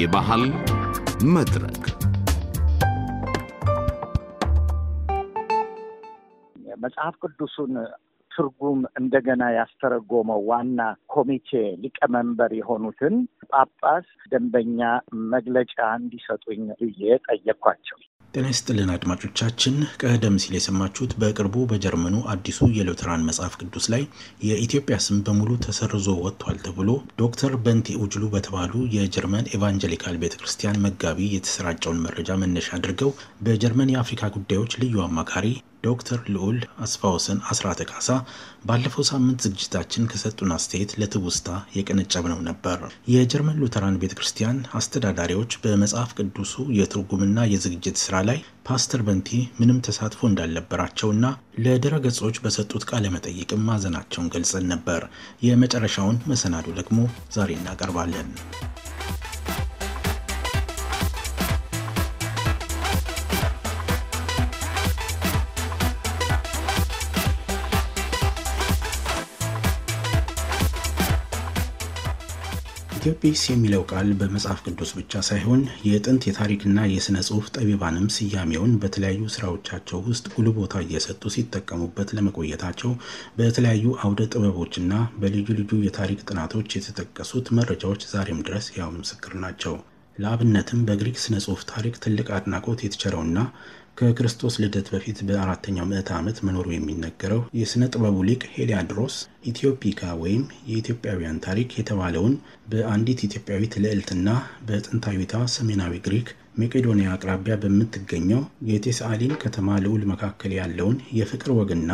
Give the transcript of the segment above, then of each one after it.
የባህል መድረክ መጽሐፍ ቅዱሱን ትርጉም እንደገና ያስተረጎመው ዋና ኮሚቴ ሊቀመንበር የሆኑትን ጳጳስ ደንበኛ መግለጫ እንዲሰጡኝ ብዬ ጠየኳቸው። ጤና ይስጥልን አድማጮቻችን፣ ቀደም ሲል የሰማችሁት በቅርቡ በጀርመኑ አዲሱ የሉትራን መጽሐፍ ቅዱስ ላይ የኢትዮጵያ ስም በሙሉ ተሰርዞ ወጥቷል ተብሎ ዶክተር በንቲ ኡጅሉ በተባሉ የጀርመን ኤቫንጀሊካል ቤተ ክርስቲያን መጋቢ የተሰራጨውን መረጃ መነሻ አድርገው በጀርመን የአፍሪካ ጉዳዮች ልዩ አማካሪ ዶክተር ልዑል አስፋወሰን አስራተ ካሳ ባለፈው ሳምንት ዝግጅታችን ከሰጡን አስተያየት ለትውስታ የቀነጨብነው ነበር። የጀርመን ሉተራን ቤተ ክርስቲያን አስተዳዳሪዎች በመጽሐፍ ቅዱሱ የትርጉምና የዝግጅት ስራ ላይ ፓስተር በንቲ ምንም ተሳትፎ እንዳልነበራቸውና ለድረ ገጾች በሰጡት ቃለ መጠይቅም ማዘናቸውን ገልጸን ነበር። የመጨረሻውን መሰናዶ ደግሞ ዛሬ እናቀርባለን። ኢትዮጵስ የሚለው ቃል በመጽሐፍ ቅዱስ ብቻ ሳይሆን የጥንት የታሪክና የሥነ ጽሑፍ ጠቢባንም ስያሜውን በተለያዩ ሥራዎቻቸው ውስጥ ጉልህ ቦታ እየሰጡ ሲጠቀሙበት ለመቆየታቸው በተለያዩ አውደ ጥበቦችና በልዩ ልዩ የታሪክ ጥናቶች የተጠቀሱት መረጃዎች ዛሬም ድረስ ያው ምስክር ናቸው። ለአብነትም በግሪክ ሥነ ጽሑፍ ታሪክ ትልቅ አድናቆት የተቸረውና ከክርስቶስ ልደት በፊት በአራተኛው ምዕት ዓመት መኖሩ የሚነገረው የሥነ ጥበቡ ሊቅ ሄሊያድሮስ ኢትዮፒካ ወይም የኢትዮጵያውያን ታሪክ የተባለውን በአንዲት ኢትዮጵያዊት ልዕልትና በጥንታዊቷ ሰሜናዊ ግሪክ መቄዶንያ አቅራቢያ በምትገኘው የቴስአሊን ከተማ ልዑል መካከል ያለውን የፍቅር ወግና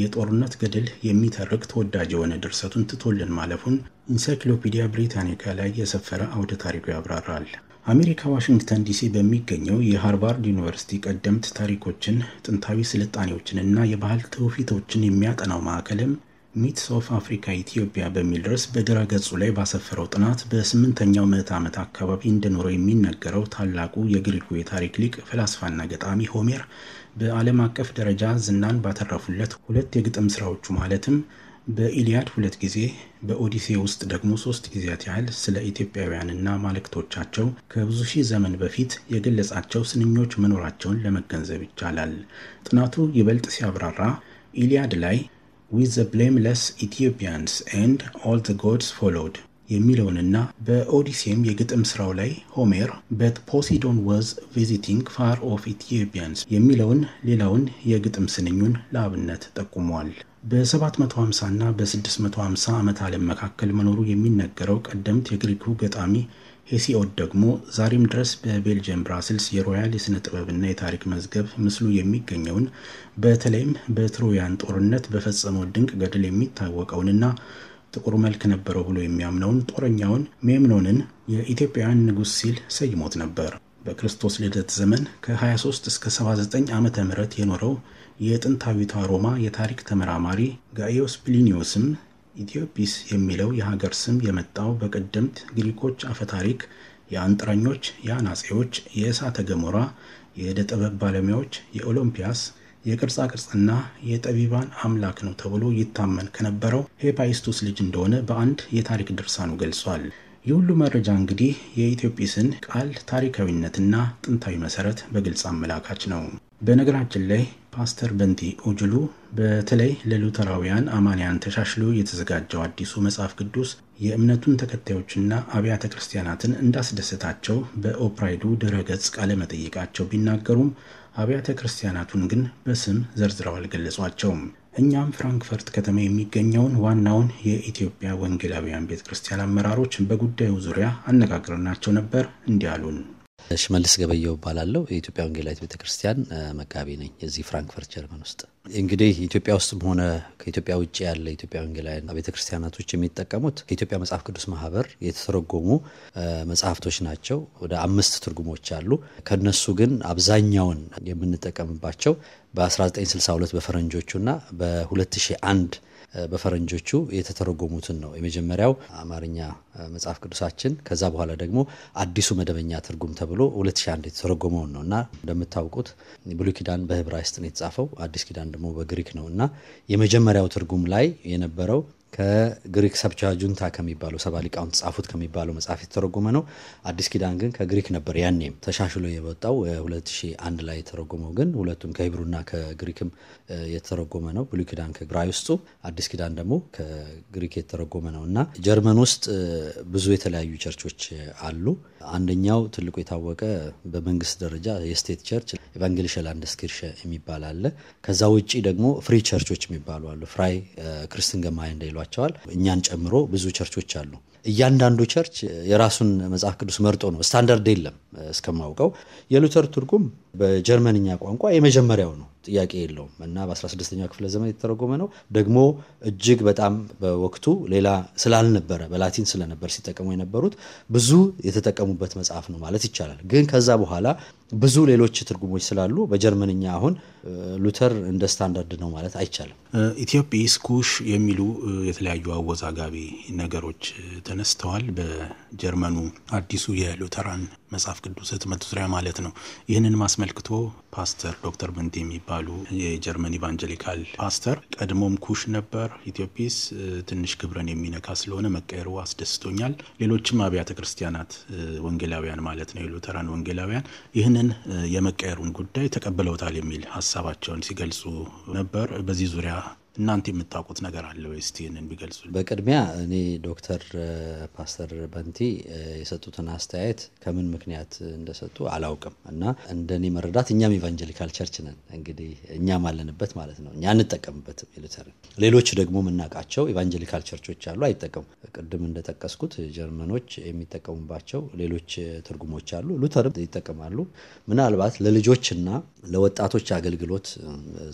የጦርነት ገድል የሚተርክ ተወዳጅ የሆነ ድርሰቱን ትቶልን ማለፉን ኢንሳይክሎፒዲያ ብሪታኒካ ላይ የሰፈረ አውደ ታሪኩ ያብራራል። አሜሪካ ዋሽንግተን ዲሲ በሚገኘው የሃርቫርድ ዩኒቨርሲቲ ቀደምት ታሪኮችን፣ ጥንታዊ ስልጣኔዎችንና የባህል ትውፊቶችን የሚያጠናው ማዕከልም ሚትስ ኦፍ አፍሪካ ኢትዮጵያ በሚል ርዕስ በድረ ገጹ ላይ ባሰፈረው ጥናት በስምንተኛው ምዕት ዓመት አካባቢ እንደኖረው የሚነገረው ታላቁ የግሪኩ የታሪክ ሊቅ ፈላስፋና ገጣሚ ሆሜር በዓለም አቀፍ ደረጃ ዝናን ባተረፉለት ሁለት የግጥም ስራዎቹ ማለትም በኢሊያድ ሁለት ጊዜ በኦዲሴ ውስጥ ደግሞ ሶስት ጊዜያት ያህል ስለ ኢትዮጵያውያንና ማለክቶቻቸው ከብዙ ሺህ ዘመን በፊት የገለጻቸው ስንኞች መኖራቸውን ለመገንዘብ ይቻላል። ጥናቱ ይበልጥ ሲያብራራ ኢሊያድ ላይ ዊዝ ዘ ብሌምለስ ኢትዮጵያንስ ኤንድ ኦል ዘ ጎድስ ፎሎድ የሚለውንና በኦዲሴም የግጥም ስራው ላይ ሆሜር በት ፖሲዶን ወዝ ቪዚቲንግ ፋር ኦፍ ኢትዮጵያንስ የሚለውን ሌላውን የግጥም ስንኙን ለአብነት ጠቁሟል። በ750 እና በ650 ዓመት ዓለም መካከል መኖሩ የሚነገረው ቀደምት የግሪኩ ገጣሚ ሄሲኦድ ደግሞ ዛሬም ድረስ በቤልጅየም ብራስልስ የሮያል የሥነ ጥበብና የታሪክ መዝገብ ምስሉ የሚገኘውን በተለይም በትሮያን ጦርነት በፈጸመው ድንቅ ገድል የሚታወቀውንና ጥቁር መልክ ነበረው ብሎ የሚያምነውን ጦረኛውን ሜምኖንን የኢትዮጵያውያን ንጉሥ ሲል ሰይሞት ነበር። በክርስቶስ ልደት ዘመን ከ23 እስከ 79 ዓ ም የኖረው የጥንታዊቷ ሮማ የታሪክ ተመራማሪ ጋዮስ ፕሊኒዮስም ኢትዮጵስ የሚለው የሀገር ስም የመጣው በቀደምት ግሪኮች አፈታሪክ የአንጥረኞች፣ የአናጼዎች፣ የእሳተ ገሞራ፣ የዕደ ጥበብ ባለሙያዎች፣ የኦሎምፒያስ፣ የቅርጻቅርጽና የጠቢባን አምላክ ነው ተብሎ ይታመን ከነበረው ሄፓይስቱስ ልጅ እንደሆነ በአንድ የታሪክ ድርሳኑ ገልጿል። የሁሉ መረጃ እንግዲህ የኢትዮጵስን ቃል ታሪካዊነትና ጥንታዊ መሰረት በግልጽ አመላካች ነው። በነገራችን ላይ ፓስተር በንቲ ኦጅሉ በተለይ ለሉተራውያን አማንያን ተሻሽሎ የተዘጋጀው አዲሱ መጽሐፍ ቅዱስ የእምነቱን ተከታዮችና አብያተ ክርስቲያናትን እንዳስደሰታቸው በኦፕራይዱ ድረገጽ ቃለመጠይቃቸው ቢናገሩም አብያተ ክርስቲያናቱን ግን በስም ዘርዝረው አልገለጿቸውም። እኛም ፍራንክፈርት ከተማ የሚገኘውን ዋናውን የኢትዮጵያ ወንጌላውያን ቤተ ክርስቲያን አመራሮች በጉዳዩ ዙሪያ አነጋግረናቸው ነበር። እንዲህ አሉን። ሽመልስ ገበየው እባላለሁ። የኢትዮጵያ ወንጌላዊት ቤተክርስቲያን መጋቢ ነኝ እዚህ ፍራንክፈርት ጀርመን ውስጥ። እንግዲህ ኢትዮጵያ ውስጥም ሆነ ከኢትዮጵያ ውጭ ያለ ኢትዮጵያ ወንጌላውያን ቤተክርስቲያናቶች የሚጠቀሙት ከኢትዮጵያ መጽሐፍ ቅዱስ ማህበር የተተረጎሙ መጽሐፍቶች ናቸው። ወደ አምስት ትርጉሞች አሉ። ከነሱ ግን አብዛኛውን የምንጠቀምባቸው በ1962 በፈረንጆቹና በ2001 በፈረንጆቹ የተተረጎሙትን ነው። የመጀመሪያው አማርኛ መጽሐፍ ቅዱሳችን፣ ከዛ በኋላ ደግሞ አዲሱ መደበኛ ትርጉም ተብሎ 2001 የተተረጎመውን ነው እና እንደምታውቁት ብሉይ ኪዳን በዕብራይስጥ ነው የተጻፈው፣ አዲስ ኪዳን ደግሞ በግሪክ ነው እና የመጀመሪያው ትርጉም ላይ የነበረው ከግሪክ ጁንታ ከሚባለው ሰባ ሊቃውንት ከሚባለው መጽሐፍ የተተረጎመ ነው። አዲስ ኪዳን ግን ከግሪክ ነበር ያኔም ተሻሽሎ የወጣው 2001 ላይ የተረጎመው ግን ሁለቱም ከሂብሩና ከግሪክም የተተረጎመ ነው። ብሉ ኪዳን ውስጡ አዲስ ኪዳን ደግሞ ከግሪክ የተተረጎመ ነው እና ጀርመን ውስጥ ብዙ የተለያዩ ቸርቾች አሉ። አንደኛው ትልቁ የታወቀ በመንግስት ደረጃ የስቴት ቸርች ኤቫንጌሊሽ ላንደስኪርሸ የሚባል አለ። ከዛ ውጭ ደግሞ ፍሪ ቸርቾች የሚባሉ አሉ። ፍራይ ክርስትን ገማይ ይሏቸዋል። እኛን ጨምሮ ብዙ ቸርቾች አሉ። እያንዳንዱ ቸርች የራሱን መጽሐፍ ቅዱስ መርጦ ነው። ስታንዳርድ የለም እስከማውቀው። የሉተር ትርጉም በጀርመንኛ ቋንቋ የመጀመሪያው ነው፣ ጥያቄ የለውም እና በ16ኛው ክፍለ ዘመን የተተረጎመ ነው። ደግሞ እጅግ በጣም በወቅቱ ሌላ ስላልነበረ በላቲን ስለነበር ሲጠቀሙ የነበሩት ብዙ የተጠቀሙበት መጽሐፍ ነው ማለት ይቻላል። ግን ከዛ በኋላ ብዙ ሌሎች ትርጉሞች ስላሉ በጀርመንኛ አሁን ሉተር እንደ ስታንዳርድ ነው ማለት አይቻልም። ኢትዮጵስ ኩሽ የሚሉ የተለያዩ አወዛጋቢ ነገሮች ተነስተዋል። በጀርመኑ አዲሱ የሉተራን መጽሐፍ ቅዱስ ህትመት ዙሪያ ማለት ነው። ይህንን አስመልክቶ ፓስተር ዶክተር ምንቴ የሚባሉ የጀርመን ኢቫንጀሊካል ፓስተር ቀድሞም ኩሽ ነበር ኢትዮጵስ ትንሽ ክብረን የሚነካ ስለሆነ መቀየሩ አስደስቶኛል። ሌሎችም አብያተ ክርስቲያናት ወንጌላውያን ማለት ነው የሉተራን ወንጌላውያን ይህንን የመቀየሩን ጉዳይ ተቀብለውታል የሚል ሀሳባቸውን ሲገልጹ ነበር። በዚህ ዙሪያ እናንተ የምታውቁት ነገር አለ ወይ? እስቲ ቢገልጹ። በቅድሚያ እኔ ዶክተር ፓስተር በንቲ የሰጡትን አስተያየት ከምን ምክንያት እንደሰጡ አላውቅም እና እንደኔ መረዳት እኛም ኢቫንጀሊካል ቸርች ነን እንግዲህ እኛም አለንበት ማለት ነው። እኛ አንጠቀምበትም ሉተር ሌሎች ደግሞ የምናውቃቸው ኢቫንጀሊካል ቸርቾች አሉ አይጠቀሙ። ቅድም እንደጠቀስኩት ጀርመኖች የሚጠቀሙባቸው ሌሎች ትርጉሞች አሉ። ሉተርም ይጠቀማሉ። ምናልባት ለልጆችና ለወጣቶች አገልግሎት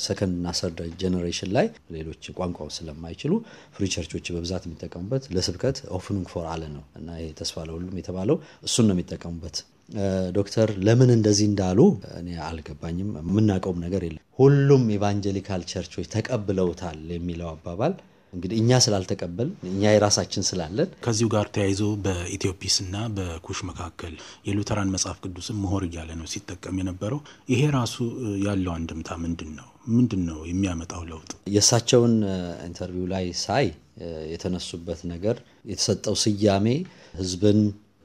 ሰከንድና ሰርድ ጀኔሬሽን ላይ ሌሎች ቋንቋው ስለማይችሉ ፍሪ ቸርቾች በብዛት የሚጠቀሙበት ለስብከት ኦፍኑንግ ፎር አለ ነው እና ይሄ ተስፋ ለሁሉም የተባለው እሱን ነው የሚጠቀሙበት። ዶክተር ለምን እንደዚህ እንዳሉ እኔ አልገባኝም። የምናውቀውም ነገር የለም። ሁሉም ኢቫንጀሊካል ቸርቾች ተቀብለውታል የሚለው አባባል እንግዲህ እኛ ስላልተቀበል እኛ የራሳችን ስላለን ከዚሁ ጋር ተያይዞ ና በኩሽ መካከል የሉተራን መጽሐፍ ቅዱስን ምሆር እያለ ነው ሲጠቀም የነበረው። ይሄ ራሱ ያለው አንድምታ ምንድን ነው? ምንድን ነው የሚያመጣው ለውጥ? የእሳቸውን ኢንተርቪው ላይ ሳይ የተነሱበት ነገር የተሰጠው ስያሜ ህዝብን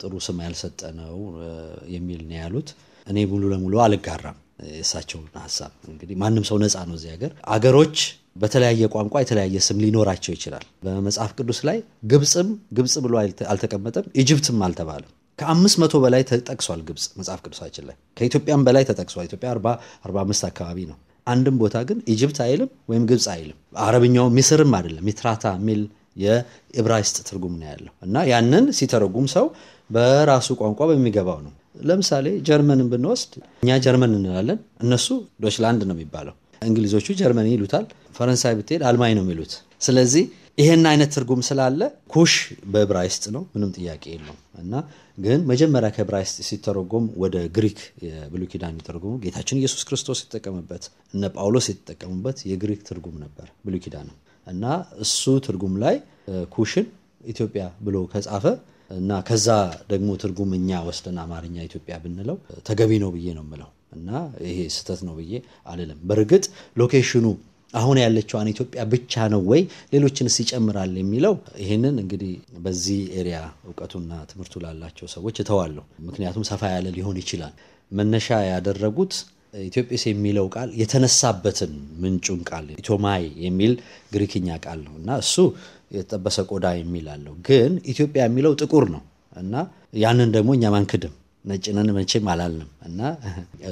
ጥሩ ስም ያልሰጠ ነው የሚል ነው ያሉት። እኔ ሙሉ ለሙሉ አልጋራም የእሳቸውን ሀሳብ። እንግዲህ ማንም ሰው ነፃ ነው እዚህ ሀገር አገሮች በተለያየ ቋንቋ የተለያየ ስም ሊኖራቸው ይችላል። በመጽሐፍ ቅዱስ ላይ ግብፅም ግብፅ ብሎ አልተቀመጠም፣ ኢጅፕትም አልተባለም። ከአምስት መቶ በላይ ተጠቅሷል ግብፅ መጽሐፍ ቅዱሳችን ላይ ከኢትዮጵያም በላይ ተጠቅሷል። ኢትዮጵያ 45 አካባቢ ነው። አንድም ቦታ ግን ኢጅፕት አይልም ወይም ግብፅ አይልም። አረብኛው ሚስርም አይደለም ሚትራታ የሚል የኢብራይስጥ ትርጉም ነው ያለው እና ያንን ሲተረጉም ሰው በራሱ ቋንቋ በሚገባው ነው። ለምሳሌ ጀርመንን ብንወስድ እኛ ጀርመን እንላለን፣ እነሱ ዶችላንድ ነው የሚባለው። እንግሊዞቹ ጀርመኒ ይሉታል፣ ፈረንሳይ ብትሄድ አልማኝ ነው የሚሉት። ስለዚህ ይሄን አይነት ትርጉም ስላለ ኩሽ በዕብራይስጥ ነው፣ ምንም ጥያቄ የለውም። እና ግን መጀመሪያ ከዕብራይስጥ ሲተረጎም ወደ ግሪክ የብሉይ ኪዳን የተረጎሙ ጌታችን ኢየሱስ ክርስቶስ የተጠቀመበት እነ ጳውሎስ የተጠቀሙበት የግሪክ ትርጉም ነበር ብሉይ ኪዳን ነው። እና እሱ ትርጉም ላይ ኩሽን ኢትዮጵያ ብሎ ከጻፈ እና ከዛ ደግሞ ትርጉም እኛ ወስደን አማርኛ ኢትዮጵያ ብንለው ተገቢ ነው ብዬ ነው የምለው። እና ይሄ ስህተት ነው ብዬ አልልም። በእርግጥ ሎኬሽኑ አሁን ያለችዋን ኢትዮጵያ ብቻ ነው ወይ ሌሎችንስ ይጨምራል የሚለው ይህንን እንግዲህ በዚህ ኤሪያ እውቀቱና ትምህርቱ ላላቸው ሰዎች እተዋለሁ። ምክንያቱም ሰፋ ያለ ሊሆን ይችላል። መነሻ ያደረጉት ኢትዮጵስ የሚለው ቃል የተነሳበትን ምንጩን ቃል ኢቶማይ የሚል ግሪክኛ ቃል ነው እና እሱ የተጠበሰ ቆዳ የሚል አለው። ግን ኢትዮጵያ የሚለው ጥቁር ነው እና ያንን ደግሞ እኛም አንክድም። ነጭነን መቼም አላልንም እና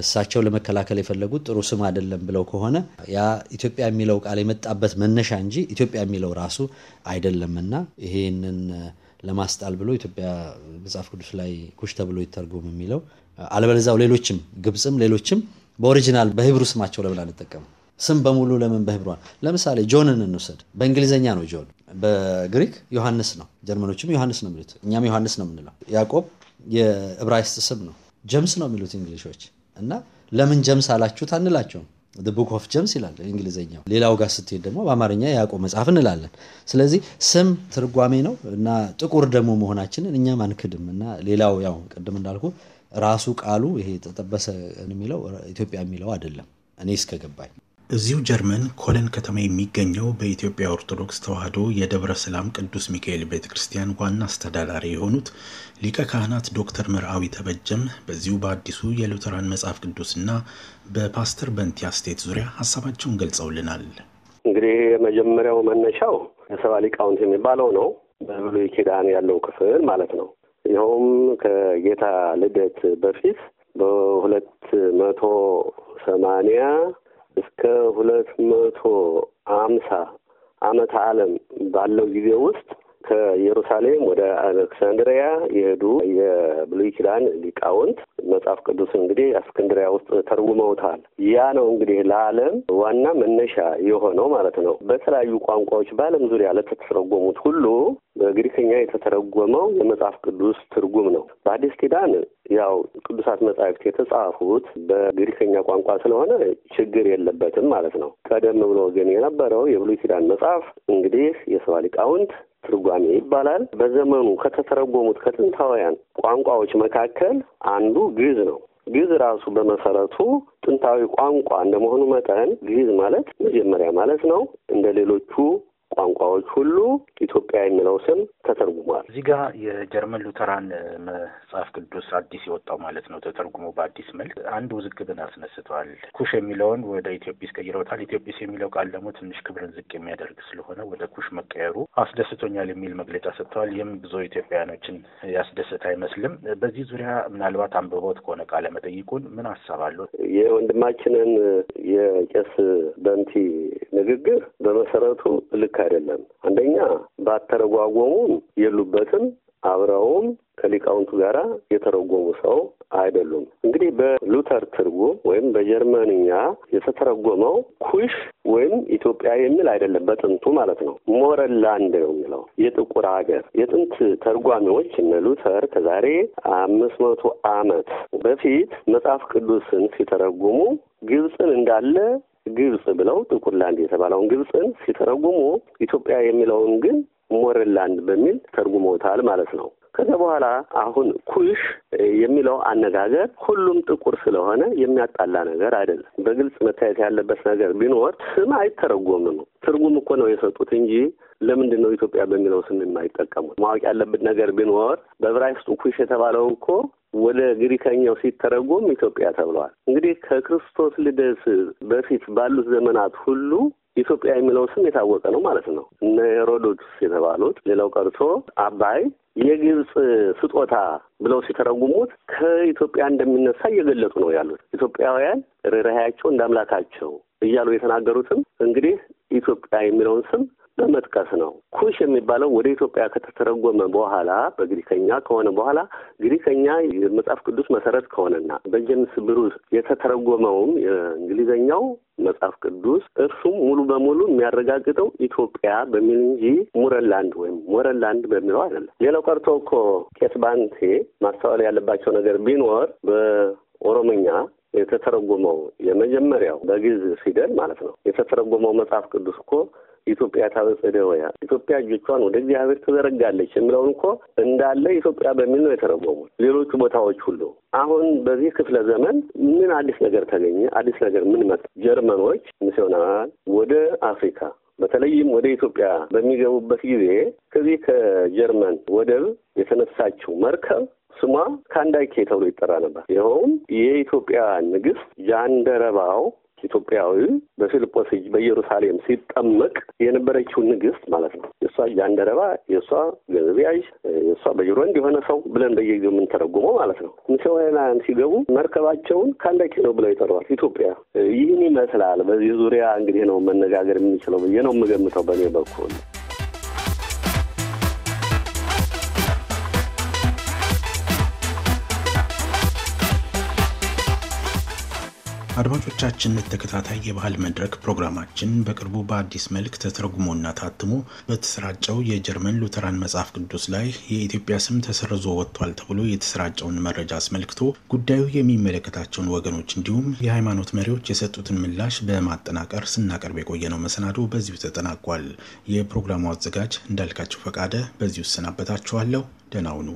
እሳቸው ለመከላከል የፈለጉት ጥሩ ስም አይደለም ብለው ከሆነ ያ ኢትዮጵያ የሚለው ቃል የመጣበት መነሻ እንጂ ኢትዮጵያ የሚለው ራሱ አይደለምና ይሄንን ለማስጣል ብሎ ኢትዮጵያ መጽሐፍ ቅዱስ ላይ ኩሽ ተብሎ ይተርጎም የሚለው አለበለዚያው ሌሎችም ግብፅም ሌሎችም በኦሪጂናል በህብሩ ስማቸው ለምን አንጠቀምም? ስም በሙሉ ለምን በሂብሯል? ለምሳሌ ጆንን እንውሰድ። በእንግሊዝኛ ነው ጆን፣ በግሪክ ዮሐንስ ነው። ጀርመኖችም ዮሐንስ ነው የሚሉት፣ እኛም ዮሐንስ ነው የምንለው። ያዕቆብ የዕብራይስጥ ስም ነው። ጀምስ ነው የሚሉት እንግሊሾች እና ለምን ጀምስ አላችሁት አንላቸውም። ቡክ ኦፍ ጀምስ ይላል እንግሊዝኛው። ሌላው ጋር ስትሄድ ደግሞ በአማርኛ የያቆ መጽሐፍ እንላለን። ስለዚህ ስም ትርጓሜ ነው እና ጥቁር ደግሞ መሆናችንን እኛም አንክድም እና ሌላው ያው ቅድም እንዳልኩ ራሱ ቃሉ ይሄ ተጠበሰ የሚለው ኢትዮጵያ የሚለው አይደለም እኔ እስከገባኝ እዚሁ ጀርመን ኮለን ከተማ የሚገኘው በኢትዮጵያ ኦርቶዶክስ ተዋህዶ የደብረ ሰላም ቅዱስ ሚካኤል ቤተ ክርስቲያን ዋና አስተዳዳሪ የሆኑት ሊቀ ካህናት ዶክተር ምርአዊ ተበጀም በዚሁ በአዲሱ የሉተራን መጽሐፍ ቅዱስና በፓስተር በንቲያ ስቴት ዙሪያ ሀሳባቸውን ገልጸውልናል። እንግዲህ የመጀመሪያው መነሻው የሰባ ሊቃውንት የሚባለው ነው። በብሉይ ኪዳን ያለው ክፍል ማለት ነው። ይኸውም ከጌታ ልደት በፊት በሁለት መቶ ሰማንያ እስከ ሁለት መቶ አምሳ አመት ዓለም ባለው ጊዜ ውስጥ ከኢየሩሳሌም ወደ አሌክሳንድሪያ የሄዱ የብሉይ ኪዳን ሊቃውንት መጽሐፍ ቅዱስ እንግዲህ አስክንድሪያ ውስጥ ተርጉመውታል። ያ ነው እንግዲህ ለዓለም ዋና መነሻ የሆነው ማለት ነው። በተለያዩ ቋንቋዎች በዓለም ዙሪያ ለተተረጎሙት ሁሉ በግሪከኛ የተተረጎመው የመጽሐፍ ቅዱስ ትርጉም ነው። በአዲስ ኪዳን ያው ቅዱሳት መጻሕፍት የተጻፉት በግሪከኛ ቋንቋ ስለሆነ ችግር የለበትም ማለት ነው። ቀደም ብሎ ግን የነበረው የብሉይ ኪዳን መጽሐፍ እንግዲህ የሰባ ሊቃውንት ትርጓሜ ይባላል። በዘመኑ ከተተረጎሙት ከጥንታውያን ቋንቋዎች መካከል አንዱ ግዕዝ ነው። ግዕዝ ራሱ በመሰረቱ ጥንታዊ ቋንቋ እንደመሆኑ መጠን ግዕዝ ማለት መጀመሪያ ማለት ነው። እንደ ሌሎቹ ቋንቋዎች ሁሉ ኢትዮጵያ የሚለው ስም ተተርጉሟል። እዚህ ጋር የጀርመን ሉተራን መጽሐፍ ቅዱስ አዲስ የወጣው ማለት ነው ተተርጉሞ በአዲስ መልክ አንድ ውዝግብን አስነስተዋል። ኩሽ የሚለውን ወደ ኢትዮጵስ ቀይረውታል። ኢትዮጵስ የሚለው ቃል ደግሞ ትንሽ ክብርን ዝቅ የሚያደርግ ስለሆነ ወደ ኩሽ መቀየሩ አስደስቶኛል የሚል መግለጫ ሰጥተዋል። ይህም ብዙ ኢትዮጵያውያኖችን ያስደሰት አይመስልም። በዚህ ዙሪያ ምናልባት አንብቦት ከሆነ ቃለ መጠይቁን ምን ሀሳብ አለው? የወንድማችንን የቄስ በንቲ ንግግር በመሰረቱ ልካ አይደለም። አንደኛ ባተረጓጎሙም የሉበትም አብረውም ከሊቃውንቱ ጋር የተረጎሙ ሰው አይደሉም። እንግዲህ በሉተር ትርጉም ወይም በጀርመንኛ የተተረጎመው ኩሽ ወይም ኢትዮጵያ የሚል አይደለም። በጥንቱ ማለት ነው። ሞረላንድ ነው የሚለው የጥቁር ሀገር። የጥንት ተርጓሚዎች እነ ሉተር ከዛሬ አምስት መቶ ዓመት በፊት መጽሐፍ ቅዱስን ሲተረጉሙ ግብፅን እንዳለ ግብጽ ብለው ጥቁር ላንድ የተባለውን ግብጽን ሲተረጉሙ ኢትዮጵያ የሚለውን ግን ሞረላንድ በሚል ተርጉመውታል ማለት ነው። ከዚያ በኋላ አሁን ኩሽ የሚለው አነጋገር ሁሉም ጥቁር ስለሆነ የሚያጣላ ነገር አይደለም። በግልጽ መታየት ያለበት ነገር ቢኖር ስም አይተረጎምም። ትርጉም እኮ ነው የሰጡት እንጂ ለምንድን ነው ኢትዮጵያ በሚለው ስም የማይጠቀሙት? ማወቅ ያለበት ነገር ቢኖር በዕብራይስጡ ኩሽ የተባለው እኮ ወደ ግሪከኛው ሲተረጎም ኢትዮጵያ ተብለዋል። እንግዲህ ከክርስቶስ ልደት በፊት ባሉት ዘመናት ሁሉ ኢትዮጵያ የሚለው ስም የታወቀ ነው ማለት ነው። እነ ሄሮዶቱስ የተባሉት ሌላው ቀርቶ አባይ የግብፅ ስጦታ ብለው ሲተረጉሙት ከኢትዮጵያ እንደሚነሳ እየገለጡ ነው ያሉት። ኢትዮጵያውያን ርኅራኄያቸው እንደ አምላካቸው እያሉ የተናገሩትም እንግዲህ ኢትዮጵያ የሚለውን ስም በመጥቀስ ነው። ኩሽ የሚባለው ወደ ኢትዮጵያ ከተተረጎመ በኋላ በግሪከኛ ከሆነ በኋላ ግሪከኛ የመጽሐፍ ቅዱስ መሰረት ከሆነና በጀምስ ብሩስ የተተረጎመውም የእንግሊዝኛው መጽሐፍ ቅዱስ እርሱም ሙሉ በሙሉ የሚያረጋግጠው ኢትዮጵያ በሚል እንጂ ሙረላንድ ወይም ሞረላንድ በሚለው አይደለም። ሌላው ቀርቶ እኮ ቄስ ባንቴ ማስተዋል ያለባቸው ነገር ቢኖር በኦሮምኛ የተተረጎመው የመጀመሪያው በግዕዝ ፊደል ማለት ነው የተተረጎመው መጽሐፍ ቅዱስ እኮ ኢትዮጵያ ታበጽሕደ ኢትዮጵያ እጆቿን ወደ እግዚአብሔር ትዘረጋለች የሚለውን እኮ እንዳለ ኢትዮጵያ በሚል ነው የተረጎሙት ሌሎቹ ቦታዎች ሁሉ። አሁን በዚህ ክፍለ ዘመን ምን አዲስ ነገር ተገኘ? አዲስ ነገር ምን መጣ? ጀርመኖች ሚስዮናውያን ወደ አፍሪካ በተለይም ወደ ኢትዮጵያ በሚገቡበት ጊዜ ከዚህ ከጀርመን ወደብ የተነሳችው መርከብ ስሟ ካንዳይኬ ተብሎ ይጠራ ነበር። ይኸውም የኢትዮጵያ ንግስት ጃንደረባው ኢትዮጵያዊ በፊልጶስ እጅ በኢየሩሳሌም ሲጠመቅ የነበረችው ንግስት ማለት ነው። የእሷ ጃንደረባ፣ የእሷ ገንዘብ ያዥ፣ የእሷ በጅሮንድ የሆነ ሰው ብለን በየጊዜው የምንተረጉመው ማለት ነው። ሚስዮናውያን ሲገቡ መርከባቸውን ካንዳኪ ነው ብለው ይጠሯዋል። ኢትዮጵያ ይህን ይመስላል። በዚህ ዙሪያ እንግዲህ ነው መነጋገር የምንችለው ብዬ ነው የምገምተው በእኔ በኩል። አድማጮቻችን ተከታታይ የባህል መድረክ ፕሮግራማችን በቅርቡ በአዲስ መልክ ተተርጉሞና ታትሞ በተሰራጨው የጀርመን ሉተራን መጽሐፍ ቅዱስ ላይ የኢትዮጵያ ስም ተሰርዞ ወጥቷል ተብሎ የተሰራጨውን መረጃ አስመልክቶ ጉዳዩ የሚመለከታቸውን ወገኖች እንዲሁም የሃይማኖት መሪዎች የሰጡትን ምላሽ በማጠናቀር ስናቀርብ የቆየነው መሰናዶ በዚሁ ተጠናቋል። የፕሮግራሙ አዘጋጅ እንዳልካቸው ፈቃደ በዚሁ እሰናበታችኋለሁ። ደህና ሁኑ።